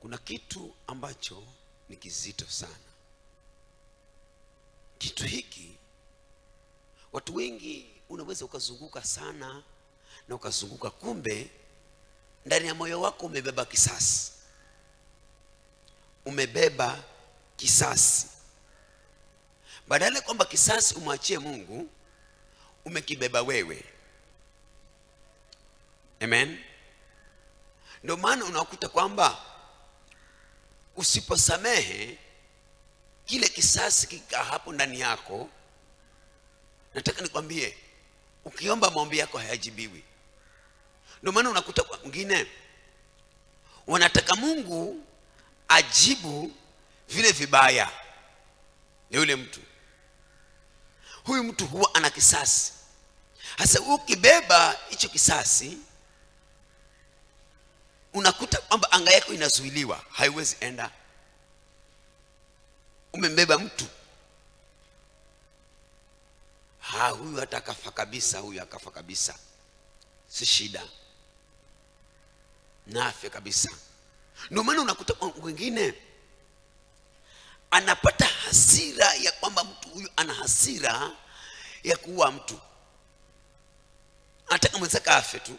Kuna kitu ambacho ni kizito sana. Kitu hiki watu wengi unaweza ukazunguka sana na ukazunguka, kumbe ndani ya moyo wako umebeba kisasi, umebeba kisasi. Badala ya kwamba kisasi umwachie Mungu, umekibeba wewe. Amen. Ndio maana unakuta kwamba usiposamehe kile kisasi kikaa hapo ndani yako. Nataka nikwambie, ukiomba maombi yako hayajibiwi. Ndio maana unakuta wengine wanataka Mungu ajibu vile vibaya ya yule mtu. Huyu mtu huwa ana kisasi hasa, ukibeba hicho kisasi unakuta kwamba anga yako inazuiliwa, haiwezi enda. Umembeba mtu ha, huyu hata akafa kabisa, huyu akafa kabisa, si shida, nafe kabisa. Ndio maana unakuta wengine anapata hasira ya kwamba mtu huyu ana hasira ya kuua mtu, anataka mwenzake afe tu